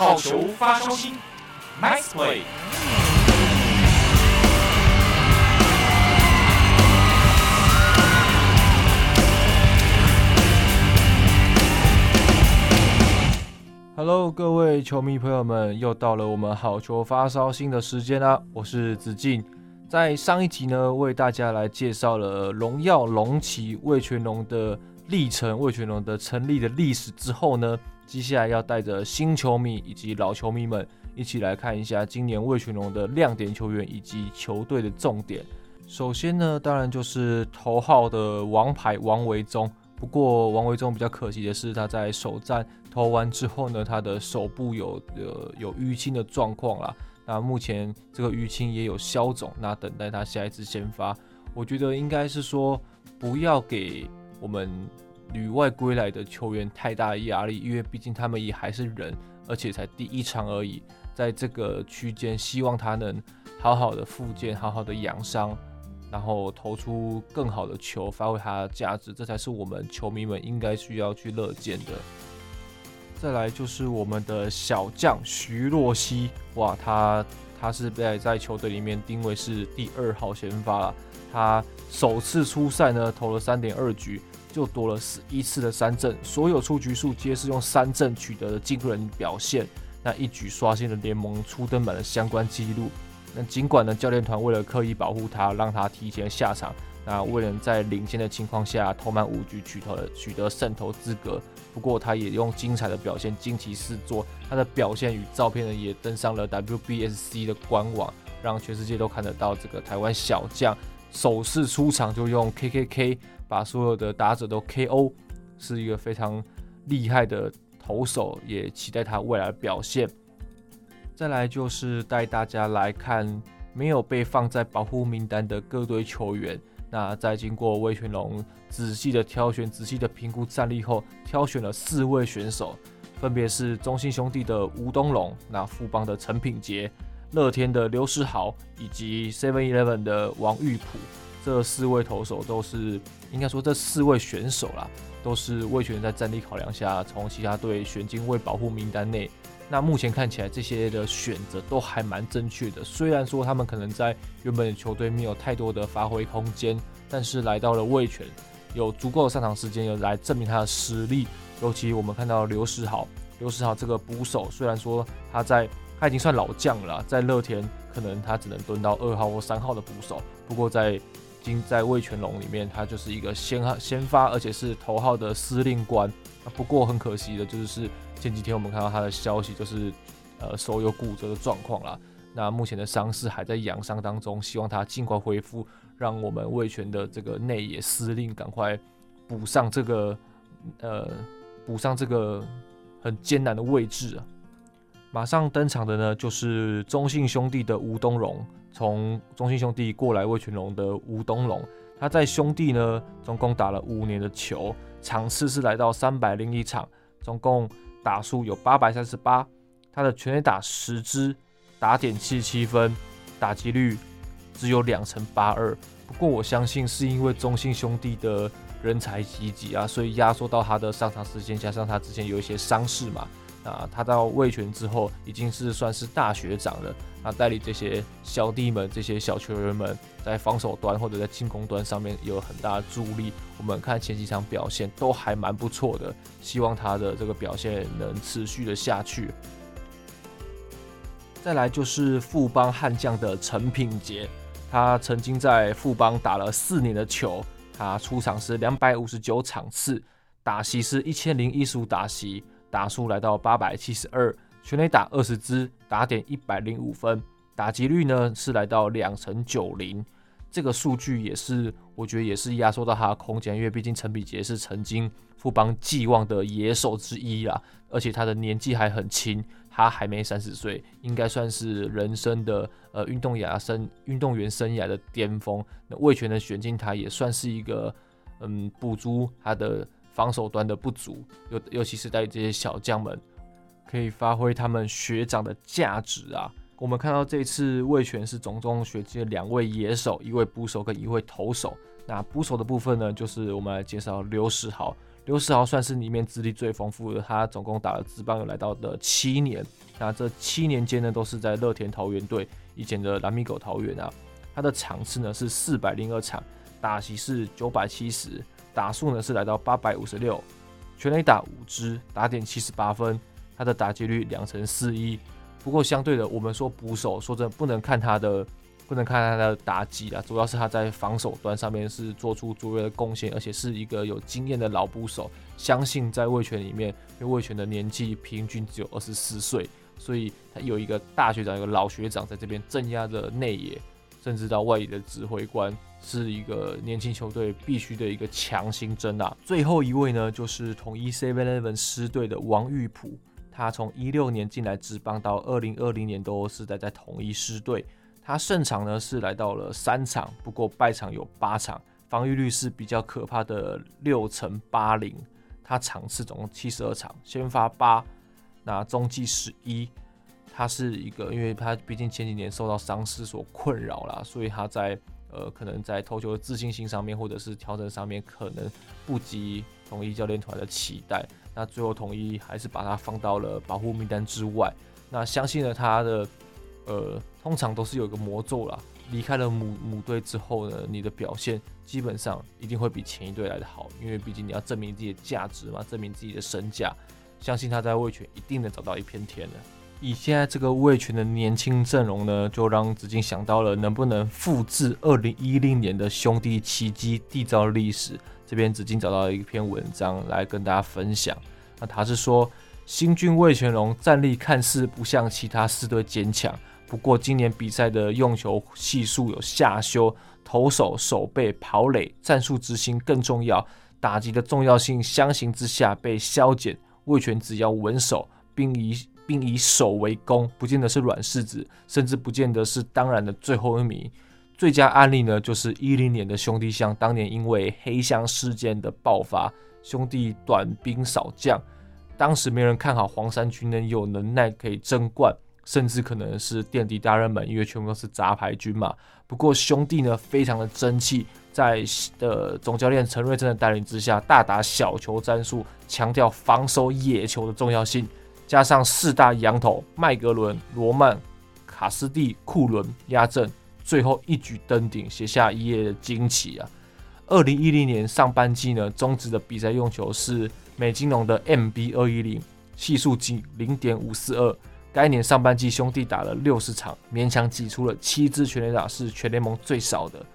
好球發燒星，Nice play。Hello，各位球迷朋友們，又到了我們好球發燒星的時間啦！我是子靖，在上一集呢，為大家來介紹了榮耀龍旗味全龍的歷程，味全龍的成立的歷史之後呢。接下來要帶着新球迷以及老球迷們一起來看一下今年味全龍的亮點球員以及球隊的重點。首先呢，當然就是頭號的王牌王維中。不過王維中比較可惜的是，他在首戰投完之後呢，他的手部有有有淤青的狀況啦。那目前這個淤青也有消腫，那等待他下一次先發，我覺得應該是說不要給我們。旅外歸來的球員太大壓力，因為畢竟他們也還是人，而且才第一場而已。在這個區間，希望他能好好的復健，好好的養傷，然後投出更好的球，發揮他的價值，這才是我們球迷們應該需要去樂見的。再來就是我們的小將徐若曦，哇，他他是被在球隊裡面定位是第二號先發了，他首次出賽呢，投了三點二局，就奪了十一次的三振，所有出局數皆是用三振取得的驚人表現，那一舉刷新了聯盟初登板的相關記錄。那儘管呢，教練團為了刻意保護他，讓他提前下場，那未能在領先的情況下投滿五局取得了取得勝投資格。不過，他也用精彩的表現驚奇四座，他的表現與照片呢也登上了 WBSC 的官網，讓全世界都看得到這個台灣小將首次出場就用 KKK。把所有的打者都 K.O. 是一個，非常厲害的投手，也期待他未來的表現。再來就是帶大家來看沒有被放在保護名單的各隊球員。那在經過味全龍仔細的挑選、仔細的評估戰力後，挑選了四位選手，分別是中信兄弟的吳東龍、那富邦的陳品杰、樂天的劉世豪以及 Seven Eleven 的王玉普。這四位投手都是，應該說這四位選手啦，都是味全在戰力考量下，從其他隊選進未保護名單內。那目前看起來，這些的選擇都還蠻正確的。雖然說他們可能在原本球隊沒有太多的發揮空間，但是來到了味全，有足夠的上場時間，來證明他的實力。尤其我們看到劉時豪，劉時豪這個捕手，雖然說他在他已經算老將了，在樂天可能他只能蹲到二號或三號的捕手，不過在已經在味全龍裡面，他就是一個先先發，而且是頭號的司令官。不過很可惜的，就是前幾天我們看到他的消息，就是呃手有骨折的狀況了。那目前的傷勢還在養傷當中，希望他盡快恢復，讓我們味全的這個內野司令趕快補上這個呃補上這個很艱難的位置啊。馬上登場的呢，就是中信兄弟的吳東榮，從中信兄弟過來味全龍的吳東榮，他在兄弟呢，總共打了五年的球，場次是來到三百零一場，總共打數有八百三十八，他的全壘打十支，打點七七分，打擊率只有兩成八二。不過我相信是因為中信兄弟的人才濟濟啊，所以壓縮到他的上場時間，加上他之前有一些傷勢嘛。啊，他到味全之後已經是算是大學長了。他帶領這些小弟們、這些小球員們，在防守端或者在進攻端上面有很大的助力。我們看前幾場表現都還蠻不錯的，希望他的這個表現能持續的下去。再來就是富邦悍將的陳品傑，他曾經在富邦打了四年的球，他出場是兩百五十九場次，打席是一千零一十五打席。打數來到八百七十二，全壘打二十支，打點一百零五分，打擊率呢是來到兩成九零。這個數據也是，我覺得也是壓縮到他的空間，因為畢竟陳比杰是曾經富邦寄望的野手之一啊，而且他的年紀還很輕，他還沒三十歲，應該算是人生的呃運動員生運動員生涯的巔峰。味全的選進他也算是一個嗯，補足他的。防守端的不足，尤尤其是帶這些小將們可以發揮他們學長的價值啊。我們看到這次味全是總中學界的兩位野手，一位捕手跟一位投手。那捕手的部分呢，就是我們來介紹劉時豪。劉時豪算是裡面資歷最豐富的，他總共打了職棒有來到的七年。那這七年間呢，都是在樂天桃園隊以前的 Lamigo 桃園啊。他的場次呢是四百零二場，打席是九百七十。打數呢是來到八百五十六，全壘打五支，打點七十八分，他的打擊率兩成四一。不過相對的，我們說捕手，說真的不能看他的，不能看他的打擊啊，主要是他在防守端上面是做出卓越的貢獻，而且是一個有經驗的老捕手。相信在味全裡面，因為味全的年紀平均只有二十四歲，所以他有一個大學長，一個老學長在這邊鎮壓着內野。甚至到外野的指揮官，是一個年輕球隊必須的一個強心針啊！最後一位呢，就是統一 7-ELEVEN 獅隊的王玉普，他從一六年進來職棒到二零二零年都是待在，在統一獅隊。他勝場呢是來到了三場，不過敗場有八場，防禦率是比較可怕的六乘八零。他場次總共七十二場，先發八，那中繼十一。他是一個，因為他畢竟前幾年受到傷勢所困擾啦，所以他在呃，可能在投球的自信心上面，或者是調整上面，可能不及統一教練團的期待。那最後統一還是把他放到了保護名單之外。那相信了他的，呃，通常都是有一個魔咒啦。離開了母母隊之後呢，你的表現基本上一定會比前一隊來得好，因為畢竟你要證明自己的價值嘛，證明自己的身價。相信他在味全一定能找到一片天的。以現在這個味全的年輕陣容呢，就讓子衿想到了能不能複製二零一零年的兄弟奇蹟締造歷史。這邊子衿找到了一篇文章來跟大家分享。那他是說，新軍味全龍戰力看似不像其他四隊堅強，不過今年比賽的用球係數有下修，投手、守備、跑壘、戰術執行更重要，打擊的重要性相形之下被削減。味全只要穩守，並以並以守為攻，不見得是軟柿子，甚至不見得是當然的最後一名。最佳案例呢，就是一零年的兄弟象，當年因為黑象事件的爆發，兄弟短兵少將，當時沒人看好黃衫軍呢有能耐可以爭冠，甚至可能是墊底大熱門，因為全部都是雜牌軍嘛。不過兄弟呢，非常的爭氣，在的、呃、總教練陳瑞振的帶領之下，大打小球戰術，強調防守野球的重要性。加上四大洋投麥格倫、羅曼、卡斯蒂、庫倫壓陣，最後一舉登頂，寫下一頁的驚奇啊！二零一零年上半季呢，中職的比賽用球是美津濃的 MB 二一零，係數僅零點五四二。該年上半季兄弟打了六十場，勉強擠出了七支全壘打，是全聯盟最少的。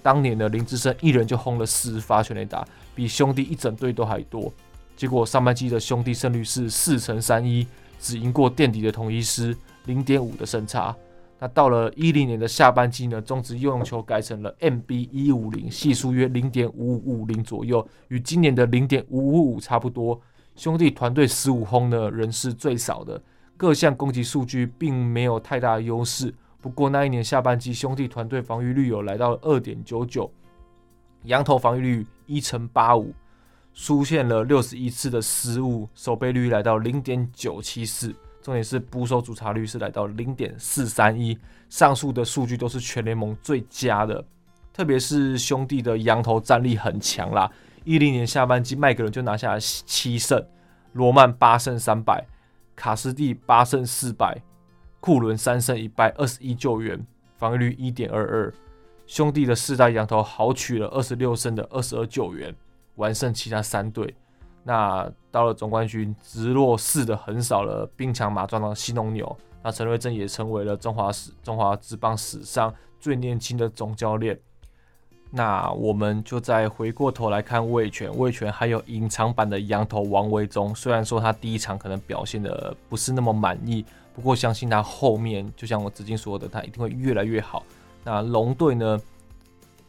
當年的林智勝一人就轟了四發全壘打，比兄弟一整隊都還多。結果上半季的兄弟勝率是四成三一，只贏過墊底的統一獅，零點五的勝差。那到了一零年的下半季呢？中職用球改成了 MB 一五零，係數約零點五五五零左右，與今年的零點五五五差不多。兄弟團隊十五轟的人是最少的，各項攻擊數據並沒有太大的優勢。不過那一年下半季兄弟團隊防禦率有來到了二點九九，羊頭防禦率一乘八五，出現了六十一次的失誤，守備率來到零點九七四。重點是捕手阻殺率是來到零點四三一，上述的數據都是全聯盟最佳的。特別是兄弟的洋投戰力很強啦，一零年下半季麥格倫就拿下了七勝，羅曼八勝三敗，卡斯蒂八勝四敗，庫倫三勝一敗二十一救援，防禦率一點二二。兄弟的四大洋投豪取了二十六勝的二十二救援。完勝其他三隊，那到了總冠軍直落四的橫掃了兵強馬壯的興農牛，那陳瑞正也成為了中華史中華職棒史上最年輕的總教練。那我們就再回過頭來看味全，味全還有隱藏版的洋投王維中。雖然說他第一場可能表現的不是那麼滿意，不過相信他後面就像我之前說的，他一定會越來越好。那龍隊呢，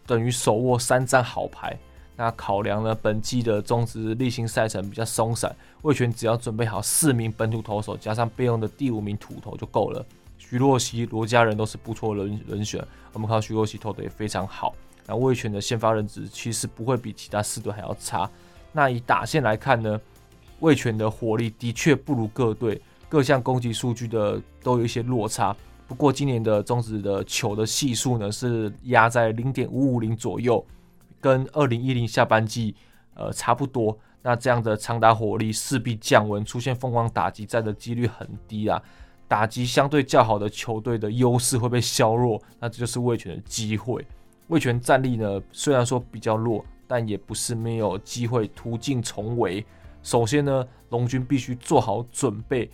等於手握三張好牌。那考量呢，本季的中職例行賽程比較鬆散，味全只要準備好四名本土投手，加上備用的第五名土投就夠了，徐若曦、徐若曦、羅家人都是不錯的人人選。我們看到徐若曦投的也非常好。那味全的先發人質其實不會比其他四隊還要差。那以打線來看呢，味全的火力的確不如各隊，各項攻擊數據的都有一些落差。不過今年的中職的球的係數呢，是壓在零點五五零左右。跟二零一零下半季，呃，差不多。那這樣的長打火力勢必降溫，出現瘋狂打擊戰的幾率很低啊。打擊相對較好的球隊的優勢會被削弱，那這就是味全的機會。味全戰力呢，雖然說比較弱，但也不是沒有機會突進重圍。首先呢，龍軍必須做好準備。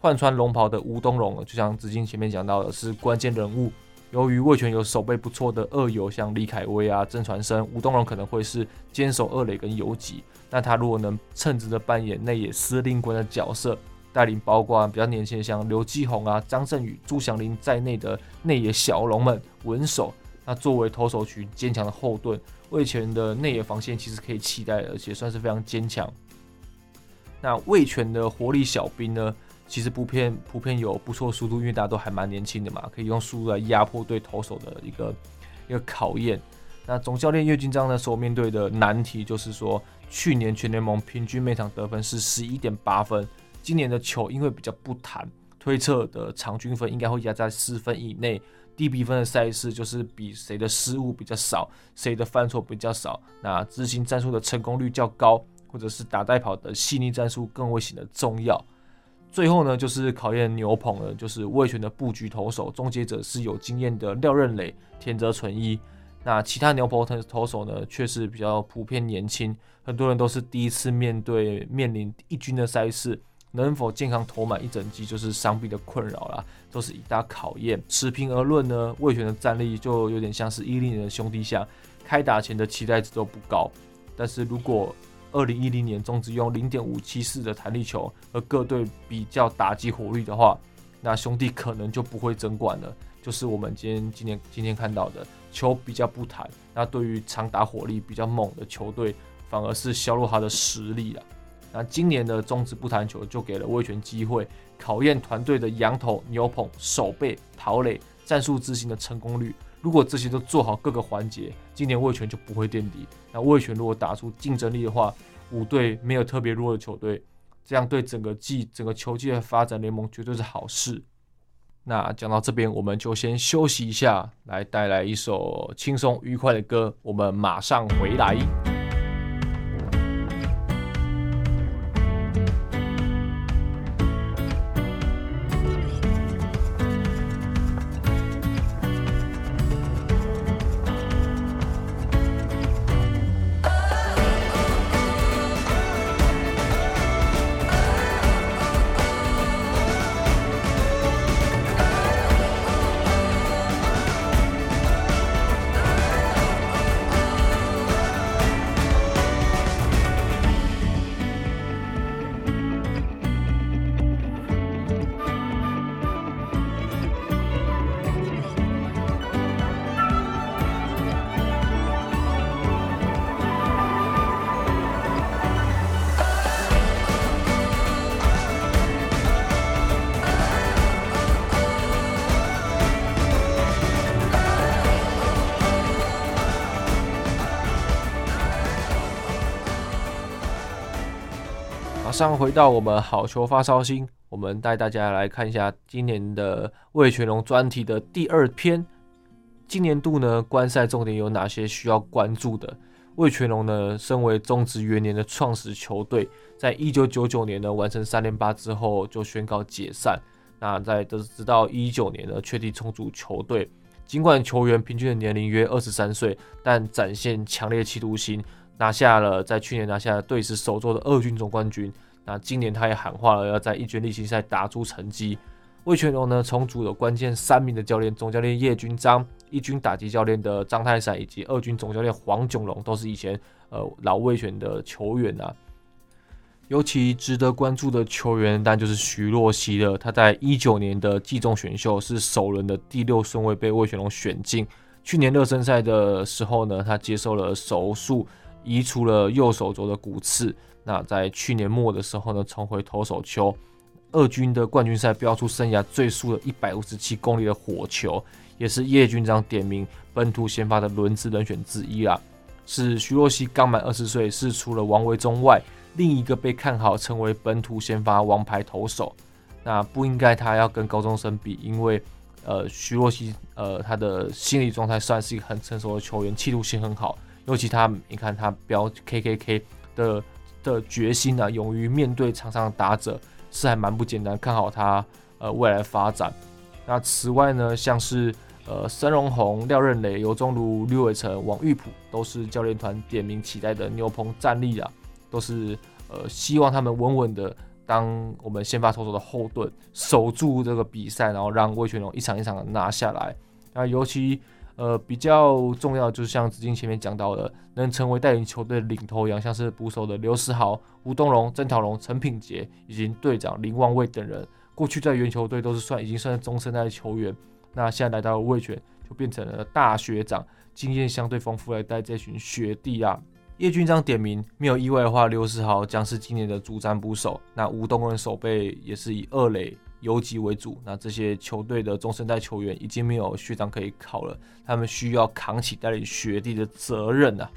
換穿龍袍的吳東榮，就像紫金前面講到的，是關鍵人物。由於味全有守備不錯的二游，像李凱威啊、鄭傳生、吳東融可能會是堅守二壘跟游擊。那他如果能稱職的扮演內野司令官的角色，帶領包括比較年輕的像劉基鴻啊、張振宇、朱祥林在內的內野小龍們穩守，那作為投手群堅強的後盾，味全的內野防線其實可以期待，而且算是非常堅強。那味全的活力小兵呢？其實不偏普遍，有不錯速度，因為大家都還蠻年輕的嘛，可以用速度來壓迫對投手的一個一個考驗。那總教練葉君璋呢，所面對的難題就是說，去年全聯盟平均每場得分是十一點八分，今年的球因為比較不彈，推測的場均分應該會壓在四分以內。低比分的賽事就是比誰的失誤比較少，誰的犯錯比較少。那執行戰術的成功率較高，或者是打帶跑的細膩戰術更會顯得重要。最後呢，就是考驗牛棚了，就是味全的布局投手終結者是有經驗的廖任磊、田澤純一，那其他牛棚投手呢，確實比較普遍年輕，很多人都是第一次面對面臨一軍的賽事，能否健康投滿一整季，就是傷病的困擾啦，都是一大考驗。持平而論呢，味全的戰力就有點像是一零年的兄弟象，開打前的期待值都不高，但是如果二零一零年中職用零點五七四的彈力球，和各隊比較打擊火力的話，那兄弟可能就不會爭冠了。就是我們今天、今天今天看到的球比較不彈，那對於長打火力比較猛的球隊，反而是削弱他的實力了。那今年的中職不彈球就給了味全機會，考驗團隊的洋投、牛棚、守備、盜壘戰術執行的成功率。如果這些都做好各個環節，今年味全就不會墊底。那味全如果打出競爭力的話，五隊沒有特別弱的球隊，這樣對整個季、整個球季的發展聯盟絕對是好事。那講到這邊，我們就先休息一下，來帶來一首輕鬆愉快的歌。我們馬上回來。上回到我們好球發燒星，我們帶大家來看一下今年的味全龍專題的第二篇。今年度呢，觀賽重點有哪些需要關注的？味全龍呢，身為中職元年的創始球隊，在一九九九年呢完成三連霸之後就宣告解散。那在直到一九年呢確定重組球隊，儘管球員平均的年齡約二十三歲，但展現強烈企圖心。拿下了在去年拿下隊史首座的二軍總冠軍。那今年他也喊話了，要在一軍例行賽打出成績。味全龍呢，重組了關鍵三名的教練，總教練葉君璋、一軍打擊教練的張泰山，以及二軍總教練黃炯龍，都是以前呃老味全的球員啊。尤其值得關注的球員，當然就是徐若熙的，他在一九年的季中選秀是首輪的第六順位被味全龍選進。去年熱身賽的時候呢，他接受了手術。移除了右手肘的骨刺。那在去年末的時候呢，重回投手丘，二軍的冠軍賽飆出生涯最速的一百五十七公里的火球，也是葉君璋點名本土先發的輪值人選之一啊。是徐若熙剛滿二十歲，是除了王維中外另一個被看好成為本土先發王牌投手。那不應該他要跟高中生比，因為呃徐若熙呃他的心理狀態算是一個很成熟的球員，企圖性很好。尤其他，你看他飆 K K K 的的決心啊，勇於面對場上的打者，是還蠻不簡單，看好他呃未來的發展。那此外呢，像是呃申榮宏、廖任磊、尤宗儒、劉偉成、王玉普，都是教練團點名期待的牛棚戰力啊，都是呃、呃、呃希望他們穩穩的當我們先發投手的後盾，守住這個比賽，然後讓味全龍一場一場的拿下來。那尤其。呃，比較重要的就是像子靖前，前面講到的，能成為帶領球隊領頭羊，像是捕手的劉時豪、吳東融、曾陶鎔、陳品捷，以及隊長林旺衛等人，過去在原球隊都是算已經算是中生代球員，那現在來到了味全就變成了大學長，經驗相對豐富來帶這群學弟啊。葉君璋點名，沒有意外的話，劉時豪將是今年的主戰捕手，那吳東融的守備也是以二壘游擊為主，那這些球隊的中生代球員已經沒有學長可以靠了，他們需要扛起帶領學弟的責任啊。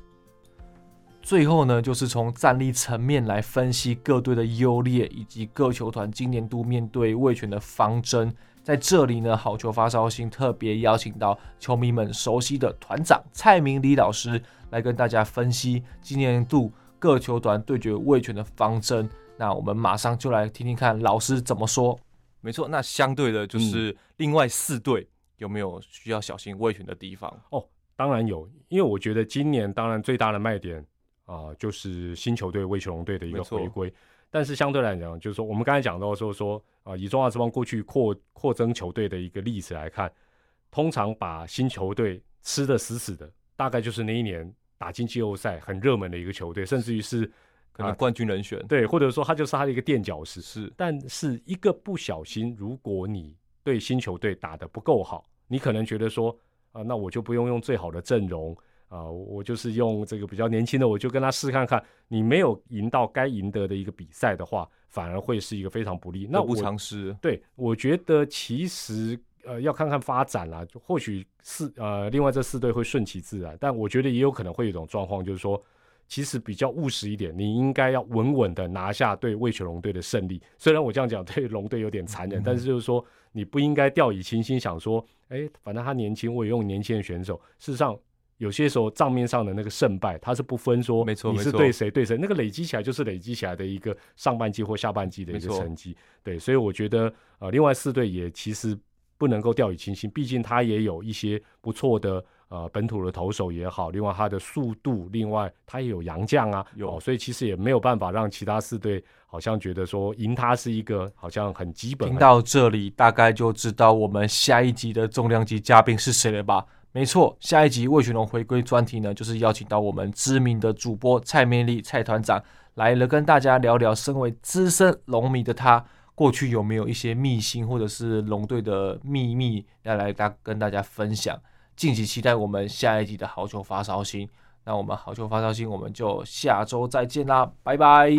最後呢，就是從戰力層面來分析各隊的優劣，以及各球團今年度面對味全的方針。在這裡呢，好球發燒星特別邀請到球迷們熟悉的團長蔡明里老師來跟大家分析今年度各球團對決味全的方針。那我們馬上就來聽聽看老師怎麼說。沒錯，那相對的，就是另外四隊有沒有需要小心味全的地方，嗯、哦，當然有，因為我覺得今年當然最大的賣點啊，呃，就是新球隊、味全龍隊的一個回歸。但是相對來講，就是說我們剛才講到說說啊，呃，以中華職棒過去擴擴增球隊的一個例子來看，通常把新球隊吃得死死的，大概就是那一年打進季後賽很熱門的一個球隊，甚至於是。啊、可能冠軍人選，對，或者說他就是他的一個墊腳石。是。但是一個不小心，如果你對新球隊打得不夠好，你可能覺得說啊、呃，那我就不用用最好的陣容啊、呃，我就是用這個比較年輕的，我就跟他試看看。你沒有贏到該贏得的一個比賽的話，反而會是一個非常不利，那得不償失。對，我覺得其實呃，要看看發展啦、啊，或許是呃，另外這四隊會順其自然，但我覺得也有可能會有一種狀況，就是說。其實比較務實一點，你應該要穩穩地拿下對味全龍隊的勝利。雖然我這樣講對龍隊有點殘忍，嗯嗯，但是就是說你不應該掉以輕心，想說，哎，反正他年輕，我也用年輕的選手。事實上，有些時候賬面上的那個勝敗，他是不分說，沒錯，你是對誰對誰，那個累積起來就是累積起來的一個上半季或下半季的一個成績。對，所以我覺得，呃，另外四隊也其實不能夠掉以輕心，畢竟他也有一些不錯的。呃，本土的投手也好，另外他的速度，另外他也有洋將啊，有、哦，所以其實也沒有辦法讓其他四隊好像覺得說贏他是一個好像很基、很基本。聽到這裡，大概就知道我們下一集的重量級嘉賓是誰了吧？沒錯，下一集味全龍回歸專題呢，就是邀請到我們知名的主播蔡美麗蔡團長來了，跟大家聊聊，身為資深龍迷的他，過去有沒有一些秘辛或者是龍隊的秘密要來大跟大家分享？敬請期待我們下一集的《好球發燒星》。那我們《好球發燒星》，我們就下周再見啦，拜拜。